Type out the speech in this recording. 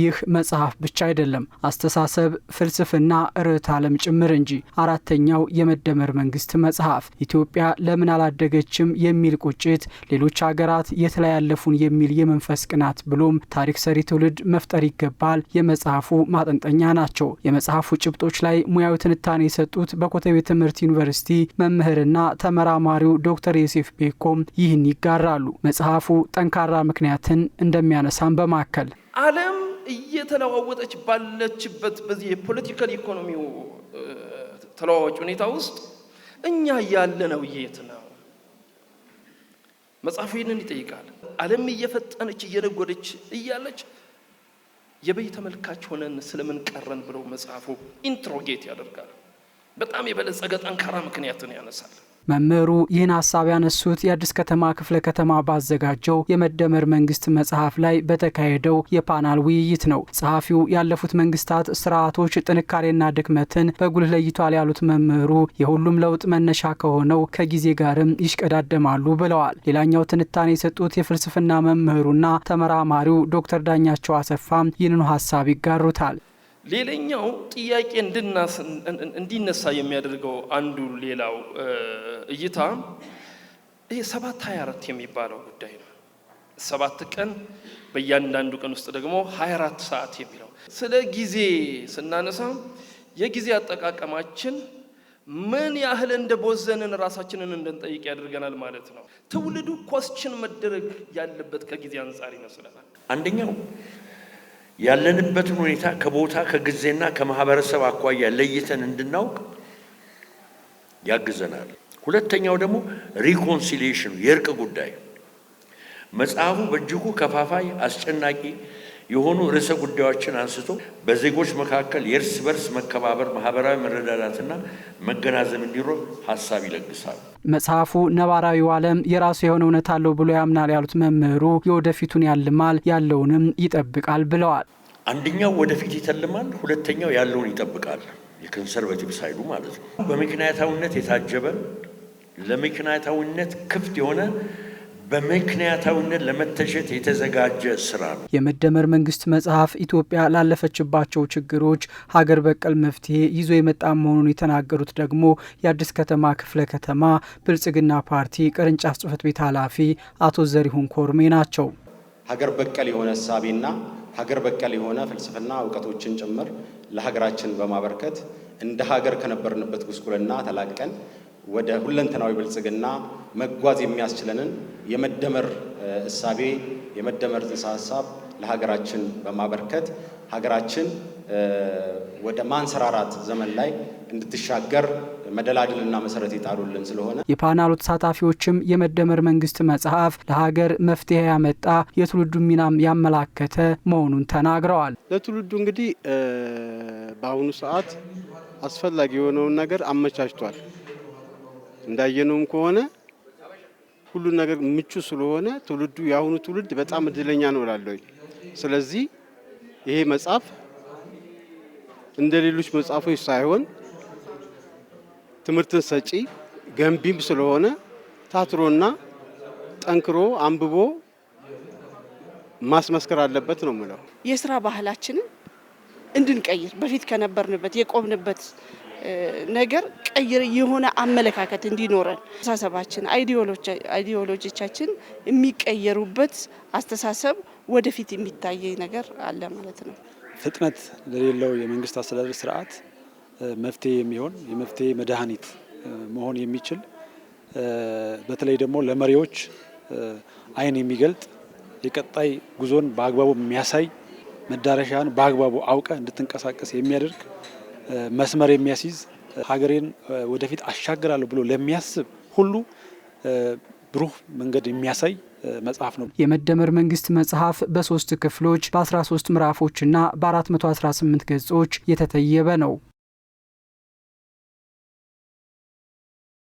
ይህ መጽሐፍ ብቻ አይደለም፣ አስተሳሰብ፣ ፍልስፍና፣ ርዕዮተ ዓለም ጭምር እንጂ። አራተኛው የመደመር መንግስት መጽሐፍ ኢትዮጵያ ለምን አላደገችም የሚል ቁጭት፣ ሌሎች ሀገራት የት ላይ ያለፉን የሚል የመንፈስ ቅናት፣ ብሎም ታሪክ ሰሪ ትውልድ መፍጠር ይገባል የመጽሐፉ ማጠንጠኛ ናቸው። የመጽሐፉ ጭብጦች ላይ ሙያዊ ትንታኔ የሰጡት በኮተቤ ትምህርት ዩኒቨርሲቲ መምህርና ተመራማሪው ዶክተር ዮሴፍ ቤኮም ይህን ይጋራሉ። መጽሐፉ ጠንካራ ምክንያትን እንደሚያነሳም በማከል አለም እየተለዋወጠች ባለችበት በዚህ የፖለቲካል ኢኮኖሚው ተለዋዋጭ ሁኔታ ውስጥ እኛ ያለነው የት ነው? መጽሐፉ ይህንን ይጠይቃል። ዓለም እየፈጠነች እየነጎደች እያለች የበይ ተመልካች ሆነን ስለምን ቀረን ብለው መጽሐፉ ኢንትሮጌት ያደርጋል። በጣም የበለጸገ ጠንካራ ምክንያትን ያነሳል። መምህሩ ይህን ሀሳብ ያነሱት የአዲስ ከተማ ክፍለ ከተማ ባዘጋጀው የመደመር መንግስት መጽሐፍ ላይ በተካሄደው የፓናል ውይይት ነው። ጸሐፊው ያለፉት መንግስታት ስርዓቶች ጥንካሬና ድክመትን በጉልህ ለይቷል ያሉት መምህሩ የሁሉም ለውጥ መነሻ ከሆነው ከጊዜ ጋርም ይሽቀዳደማሉ ብለዋል። ሌላኛው ትንታኔ የሰጡት የፍልስፍና መምህሩና ተመራማሪው ዶክተር ዳኛቸው አሰፋም ይህንኑ ሀሳብ ይጋሩታል። ሌላኛው ጥያቄ እንዲነሳ የሚያደርገው አንዱ ሌላው እይታ ይሄ ሰባት ሀያ አራት የሚባለው ጉዳይ ነው። ሰባት ቀን በእያንዳንዱ ቀን ውስጥ ደግሞ ሀያ አራት ሰዓት የሚለው ስለ ጊዜ ስናነሳ የጊዜ አጠቃቀማችን ምን ያህል እንደ ቦዘንን ራሳችንን እንድንጠይቅ ያደርገናል ማለት ነው። ትውልዱ ኮስችን መደረግ ያለበት ከጊዜ አንጻር ይመስለናል። አንደኛው ያለንበትን ሁኔታ ከቦታ ከጊዜና ከማህበረሰብ አኳያ ለይተን እንድናውቅ ያግዘናል። ሁለተኛው ደግሞ ሪኮንሲሊየሽን የእርቅ ጉዳይ መጽሐፉ በእጅጉ ከፋፋይ አስጨናቂ የሆኑ ርዕሰ ጉዳዮችን አንስቶ በዜጎች መካከል የእርስ በርስ መከባበር፣ ማህበራዊ መረዳዳትና መገናዘብ እንዲኖር ሀሳብ ይለግሳል። መጽሐፉ ነባራዊው ዓለም የራሱ የሆነ እውነት አለው ብሎ ያምናል ያሉት መምህሩ የወደፊቱን ያልማል ያለውንም ይጠብቃል ብለዋል። አንደኛው ወደፊት ይተልማል፣ ሁለተኛው ያለውን ይጠብቃል። የኮንሰርቬቲቭ ሳይዱ ማለት ነው። በምክንያታዊነት የታጀበ ለምክንያታዊነት ክፍት የሆነ በምክንያታዊነት ለመተሸት የተዘጋጀ ስራ ነው። የመደመር መንግስት መጽሐፍ ኢትዮጵያ ላለፈችባቸው ችግሮች ሀገር በቀል መፍትሄ ይዞ የመጣ መሆኑን የተናገሩት ደግሞ የአዲስ ከተማ ክፍለ ከተማ ብልጽግና ፓርቲ ቅርንጫፍ ጽህፈት ቤት ኃላፊ አቶ ዘሪሁን ኮርሜ ናቸው። ሀገር በቀል የሆነ እሳቤና ሀገር በቀል የሆነ ፍልስፍና እውቀቶችን ጭምር ለሀገራችን በማበርከት እንደ ሀገር ከነበርንበት ጉስቁልና ተላቀን ወደ ሁለንተናዊ ብልጽግና መጓዝ የሚያስችለንን የመደመር እሳቤ የመደመር ጽንሰ ሀሳብ ለሀገራችን በማበርከት ሀገራችን ወደ ማንሰራራት ዘመን ላይ እንድትሻገር መደላድልና መሰረት ይጣሉልን ስለሆነ የፓናሉ ተሳታፊዎችም የመደመር መንግስት መጽሐፍ ለሀገር መፍትሄ ያመጣ የትውልዱን ሚናም ያመላከተ መሆኑን ተናግረዋል። ለትውልዱ እንግዲህ በአሁኑ ሰዓት አስፈላጊ የሆነውን ነገር አመቻችቷል። እንዳየነውም ከሆነ ሁሉን ነገር ምቹ ስለሆነ ትውልዱ የአሁኑ ትውልድ በጣም እድለኛ ነው እላለሁ። ስለዚህ ይሄ መጽሐፍ እንደ ሌሎች መጽሐፎች ሳይሆን ትምህርትን ሰጪ ገንቢም ስለሆነ ታትሮና ጠንክሮ አንብቦ ማስመስከር አለበት ነው የምለው። የስራ ባህላችንን እንድንቀይር በፊት ከነበርንበት የቆምንበት ነገር ቀይር የሆነ አመለካከት እንዲኖረን አስተሳሰባችን አይዲዮሎጂቻችን የሚቀየሩበት አስተሳሰብ ወደፊት የሚታየ ነገር አለ ማለት ነው። ፍጥነት ለሌለው የመንግስት አስተዳደር ስርዓት መፍትሄ የሚሆን የመፍትሄ መድኃኒት መሆን የሚችል በተለይ ደግሞ ለመሪዎች አይን የሚገልጥ የቀጣይ ጉዞን በአግባቡ የሚያሳይ መዳረሻን በአግባቡ አውቀ እንድትንቀሳቀስ የሚያደርግ መስመር የሚያስይዝ ሀገሬን ወደፊት አሻግራለሁ ብሎ ለሚያስብ ሁሉ ብሩህ መንገድ የሚያሳይ መጽሐፍ ነው። የመደመር መንግስት መጽሐፍ በሶስት ክፍሎች በ13 ምዕራፎችና በ418 ገጾች የተተየበ ነው።